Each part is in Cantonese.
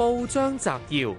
報章摘要：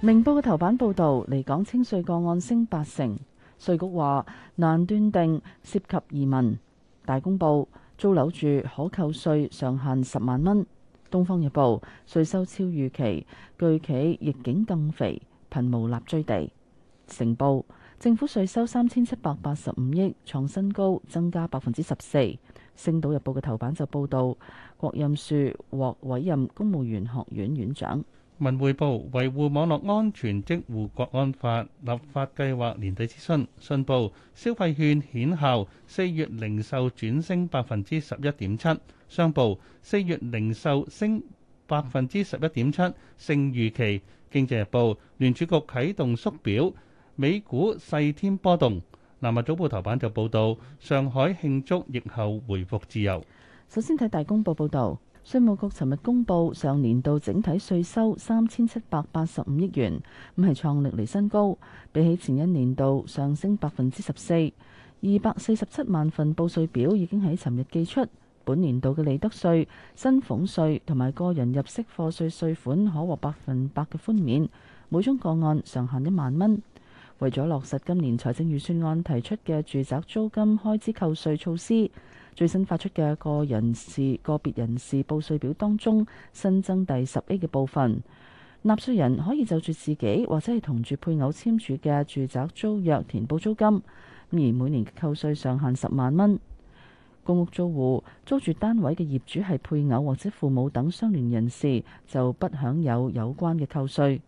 明報嘅頭版報道，離港清稅個案升八成，稅局話難斷定涉及移民。大公報租樓住可扣稅上限十萬蚊。東方日報稅收超預期，巨企逆境更肥，貧無立錐地。成報政府稅收三千七百八十五億創新高，增加百分之十四。《星島日報》嘅頭版就報道郭任樹獲委任公務員學院院長。《文匯報》維護網絡安全即護國安法立法計劃年底諮詢。信報消費券顯效，四月零售轉升百分之十一點七。商報四月零售升百分之十一點七，勝預期。《經濟日報》聯儲局啟動縮表，美股細天波動。《南華早報》頭版就報道，上海慶祝疫後回復自由。首先睇大公報報導，稅務局尋日公佈上年度整體稅收三千七百八十五億元，咁係創歷嚟新高，比起前一年度上升百分之十四。二百四十七萬份報稅表已經喺尋日寄出，本年度嘅利得稅、薪俸稅同埋個人入息課稅稅，稅款可獲百分百嘅寬免，每宗個案上限一萬蚊。為咗落實今年財政預算案提出嘅住宅租金開支扣稅措施，最新發出嘅個人事個別人士報稅表當中新增第十一嘅部分，納稅人可以就住自己或者係同住配偶簽署嘅住宅租約填報租金，而每年扣稅上限十萬蚊。公屋租戶租住單位嘅業主係配偶或者父母等相聯人士，就不享有有，有關嘅扣稅。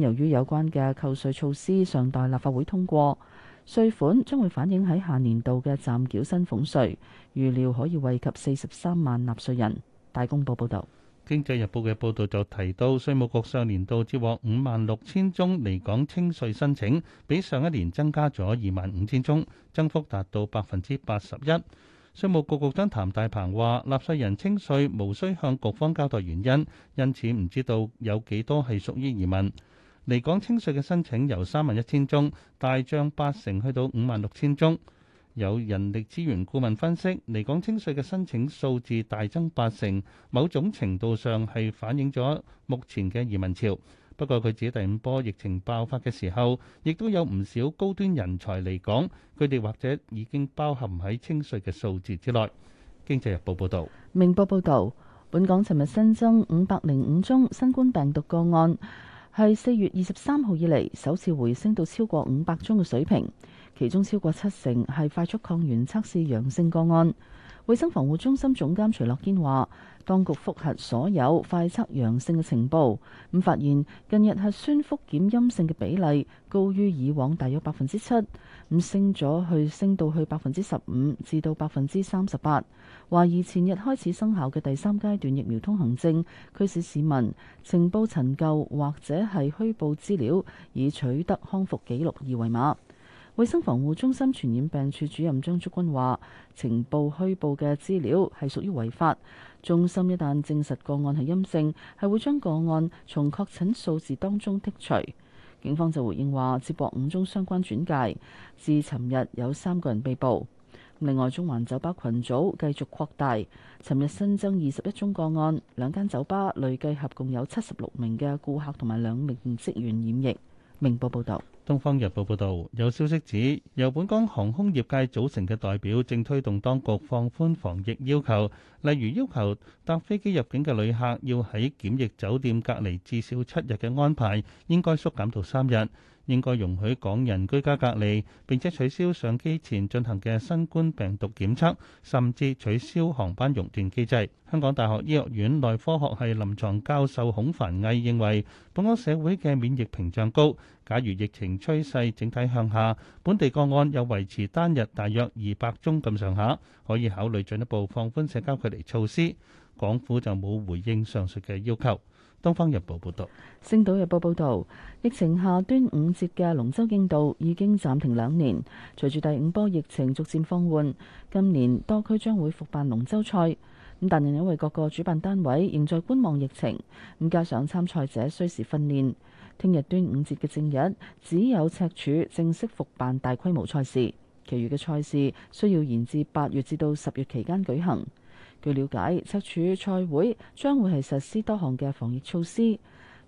由於有關嘅扣稅措施尚待立法會通過，稅款將會反映喺下年度嘅暫繳薪俸稅，預料可以惠及四十三萬納稅人。大公報報導，《經濟日報》嘅報導就提到，稅務局上年度接獲五萬六千宗離港清稅申請，比上一年增加咗二萬五千宗，增幅達到百分之八十一。稅務局局長譚大鵬話，納稅人清稅無需向局方交代原因，因此唔知道有幾多係屬於移民。離港清稅嘅申請由三萬一千宗大漲八成，去到五萬六千宗。有人力資源顧問分析，離港清稅嘅申請數字大增八成，某種程度上係反映咗目前嘅移民潮。不過，佢指第五波疫情爆發嘅時候，亦都有唔少高端人才嚟港，佢哋或者已經包含喺清稅嘅數字之內。經濟日報報道。明報報道，本港尋日新增五百零五宗新冠病毒個案。係四月二十三號以嚟首次回升到超過五百宗嘅水平，其中超過七成係快速抗原測試陽性個案。衛生防護中心總監徐樂堅話，當局復核所有快測陽性嘅情報，咁發現近日核酸複檢陰性嘅比例高於以往，大約百分之七，咁升咗去升到去百分之十五至到百分之三十八。懷疑前日開始生效嘅第三階段疫苗通行證，驅使市民情報陳舊或者係虛報資料以取得康復記錄二維碼。衛生防護中心傳染病處主任張竹君話：情報虛報嘅資料係屬於違法。中心一旦證實個案係陰性，係會將個案從確診數字當中剔除。警方就回應話：接駁五宗相關轉介，至尋日有三個人被捕。另外，中環酒吧群組繼續擴大，尋日新增二十一宗個案，兩間酒吧累計合共有七十六名嘅顧客同埋兩名職員染疫。明報報道。《東方日報》報道，有消息指，由本港航空業界組成嘅代表正推動當局放寬防疫要求，例如要求搭飛機入境嘅旅客要喺檢疫酒店隔離至少七日嘅安排，應該縮減到三日。應該容許港人居家隔離，並且取消上機前進行嘅新冠病毒檢測，甚至取消航班熔斷機制。香港大學醫學院內科學系臨床教授孔凡毅認為，本港社會嘅免疫屏障高，假如疫情趨勢整體向下，本地個案又維持單日大約二百宗咁上下，可以考慮進一步放寬社交距離措施。港府就冇回應上述嘅要求。《東方日報》報導，《星島日報》報導，疫情下端午節嘅龍舟競渡已經暫停兩年。隨住第五波疫情逐漸放緩，今年多區將會復辦龍舟賽。咁但係因為各個主辦單位仍在觀望疫情，咁加上參賽者需時訓練，聽日端午節嘅正日只有赤柱正式復辦大規模賽事，其餘嘅賽事需要延至八月至到十月期間舉行。據了解，赤柱賽會將會係實施多項嘅防疫措施，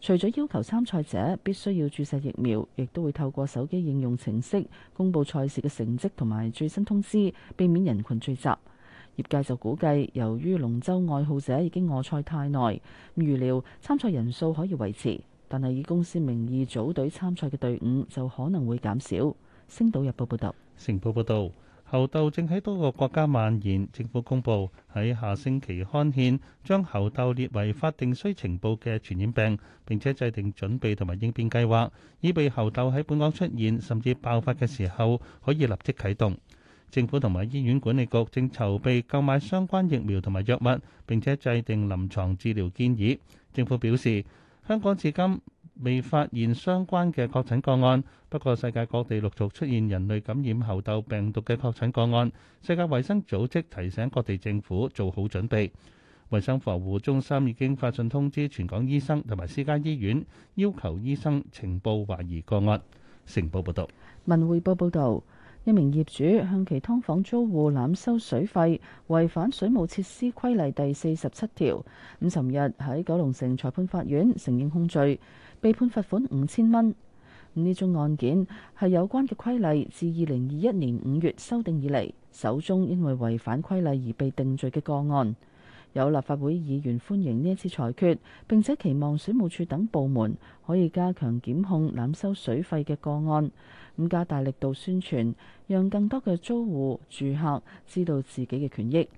除咗要求參賽者必須要注射疫苗，亦都會透過手機應用程式公布賽事嘅成績同埋最新通知，避免人群聚集。業界就估計，由於龍舟愛好者已經餓賽太耐，唔預料參賽人數可以維持，但係以公司名義組隊參賽嘅隊伍就可能會減少。星島日報報道，成報報道。猴痘正喺多個國家蔓延，政府公布喺下星期刊憲將猴痘列為法定需呈報嘅傳染病，並且制定準備同埋應變計劃，以備猴痘喺本港出現甚至爆發嘅時候可以立即啟動。政府同埋醫院管理局正籌備購買相關疫苗同埋藥物，並且制定臨牀治療建議。政府表示，香港至今。未發現相關嘅確診個案，不過世界各地陸續出現人類感染猴痘病毒嘅確診個案。世界衛生組織提醒各地政府做好準備。衞生防護中心已經發信通知全港醫生同埋私家醫院，要求醫生呈報懷疑個案。成報報道。文匯報報導。一名業主向其劏房租戶攬收水費，違反水務設施規例第四十七條。五尋日喺九龍城裁判法院承認控罪，被判罰款五千蚊。呢宗案件係有關嘅規例自二零二一年五月修訂以嚟，首宗因為違反規例而被定罪嘅個案。有立法會議員歡迎呢一次裁決，並且期望水務處等部門可以加強檢控濫收水費嘅個案，咁加大力度宣傳，讓更多嘅租戶住客知道自己嘅權益。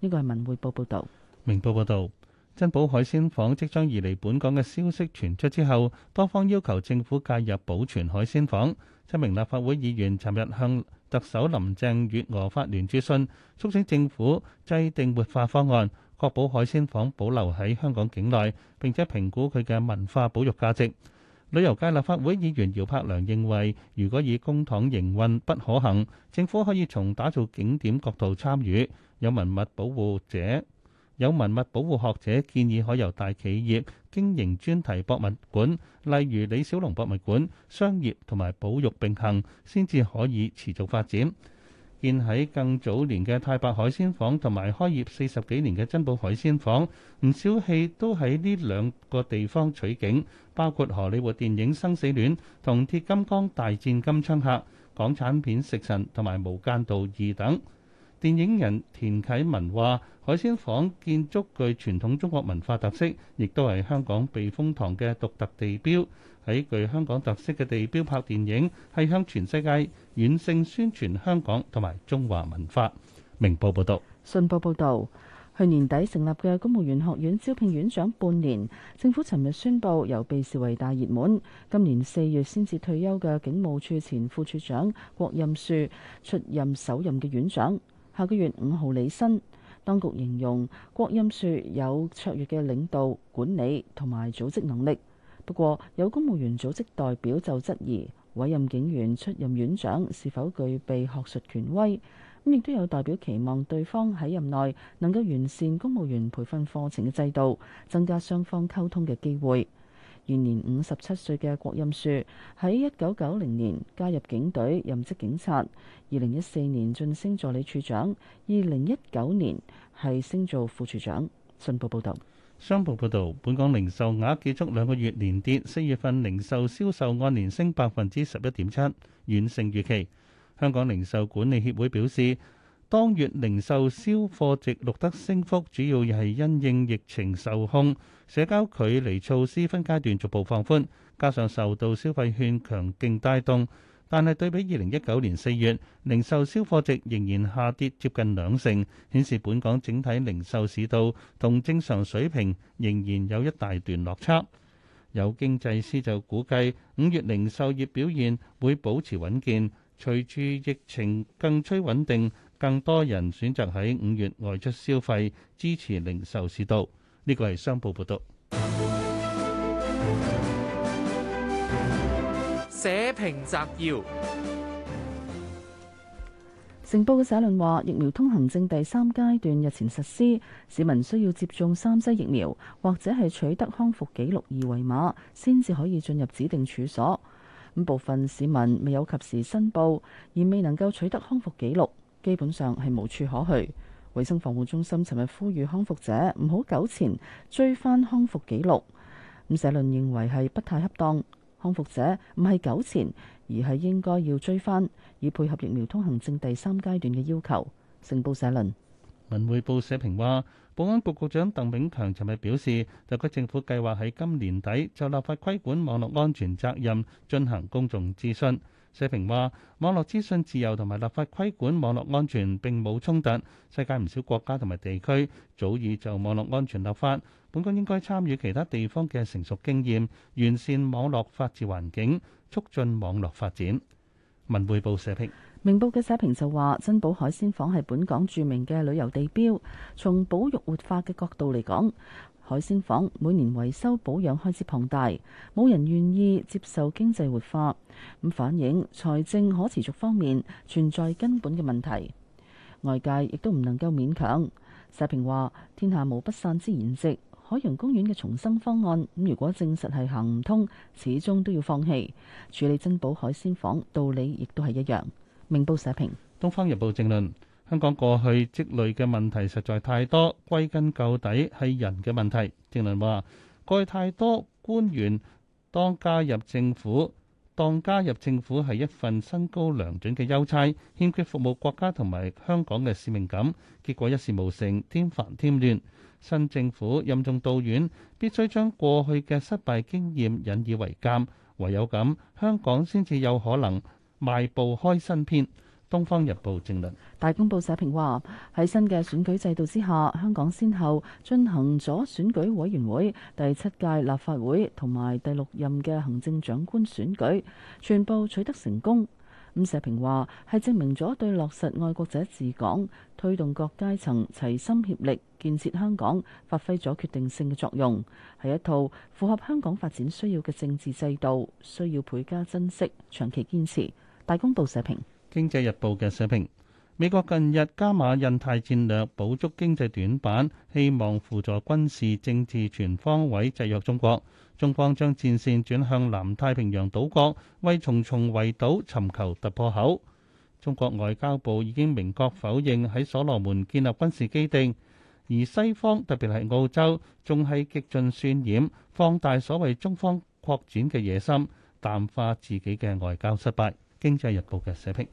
呢個係文匯報報導，明報報導，珍寶海鮮舫即將移離本港嘅消息傳出之後，多方要求政府介入保存海鮮舫。七名立法會議員尋日向特首林鄭月娥發聯署信，促請政府制定活化方案。確保海鮮舫保留喺香港境內，並且評估佢嘅文化保育價值。旅遊界立法會議員姚柏良認為，如果以公帑營運不可行，政府可以從打造景點角度參與。有文物保護者、有文物保護學者建議，可由大企業經營專題博物館，例如李小龍博物館，商業同埋保育並行，先至可以持續發展。建喺更早年嘅太白海鮮舫同埋開業四十幾年嘅珍寶海鮮舫，唔少戲都喺呢兩個地方取景，包括荷里活電影《生死戀》同《鐵金剛大戰金槍客》、港產片《食神》同埋《無間道二》等。電影人田啟文話，海鮮舫建築具傳統中國文化特色，亦都係香港避風塘嘅獨特地標。喺具香港特色嘅地標拍電影，係向全世界遠勝宣傳香港同埋中華文化。明報報導，信報報導，去年底成立嘅公務員學院招聘院長半年，政府尋日宣布，由被視為大熱門、今年四月先至退休嘅警務處前副處長郭任樹出任首任嘅院長。下個月五號履新，當局形容郭蔭庶有卓越嘅領導、管理同埋組織能力。不過，有公務員組織代表就質疑委任警員出任院長是否具備學術權威。咁亦都有代表期望對方喺任內能夠完善公務員培訓課程嘅制度，增加雙方溝通嘅機會。現年年五十七歲嘅郭任樹喺一九九零年加入警隊，任職警察。二零一四年晉升助理處長，二零一九年係升做副處長。信報報導，商報報導，本港零售額結束兩個月連跌，四月份零售銷售按年升百分之十一點七，完勝預期。香港零售管理協會表示。當月零售銷貨值錄得升幅，主要係因應疫情受控、社交距離措施分階段逐步放寬，加上受到消費券強勁帶動。但係對比二零一九年四月，零售銷貨值仍然下跌接近兩成，顯示本港整體零售市道同正常水平仍然有一大段落差。有經濟師就估計，五月零售業表現會保持穩健，隨住疫情更趨穩定。更多人選擇喺五月外出消費，支持零售市道。呢個係商報報道社評摘要。成報嘅社論話，疫苗通行證第三階段日前實施，市民需要接種三劑疫苗或者係取得康復記錄二維碼，先至可以進入指定處所。咁部分市民未有及時申報，而未能夠取得康復記錄。基本上係無處可去。衞生防護中心尋日呼籲康復者唔好糾纏追翻康復記錄。咁社論認為係不太恰當。康復者唔係糾纏，而係應該要追翻，以配合疫苗通行證第三階段嘅要求。成報社論。文匯報社評話，保安局局長鄧炳強尋日表示，特區政府計劃喺今年底就立法規管網絡安全責任進行公眾諮詢。社評話，網絡資訊自由同埋立法規管網絡安全並冇衝突。世界唔少國家同埋地區早已就網絡安全立法，本港應該參與其他地方嘅成熟經驗，完善網絡法治環境，促進網絡發展。文匯報社評，明報嘅社評就話，珍寶海鮮舫係本港著名嘅旅遊地標。從保育活化嘅角度嚟講。海鮮舫每年維修保養開支龐大，冇人願意接受經濟活化，咁反映財政可持續方面存在根本嘅問題。外界亦都唔能夠勉強。社評話：天下無不散之筵席，海洋公園嘅重生方案咁如果證實係行唔通，始終都要放棄處理珍寶海鮮舫，道理亦都係一樣。明報社評，《東方日報》正論。香港過去積累嘅問題實在太多，歸根究底係人嘅問題。評論話：過去太多官員當加入政府，當加入政府係一份薪高糧準嘅優差，欠缺服務國家同埋香港嘅使命感，結果一事無成，添煩添亂。新政府任重道遠，必須將過去嘅失敗經驗引以為鑒，唯有咁，香港先至有可能邁步開新篇。《東方日報》政論大公報社評話：喺新嘅選舉制度之下，香港先後進行咗選舉委員會第七屆立法會同埋第六任嘅行政長官選舉，全部取得成功。咁社評話係證明咗對落實愛國者治港、推動各階層齊心協力建設香港，發揮咗決定性嘅作用，係一套符合香港發展需要嘅政治制度，需要倍加珍惜、長期堅持。大公報社評。《經濟日報》嘅社評：美國近日加碼印太戰略，補足經濟短板，希望輔助軍事、政治全方位制約中國。中方將戰線轉向南太平洋島國，為重重圍堵尋求突破口。中國外交部已經明確否認喺所羅門建立軍事基地，而西方特別係澳洲，仲係極盡渲染，放大所謂中方擴展嘅野心，淡化自己嘅外交失敗。《經濟日報》嘅社評。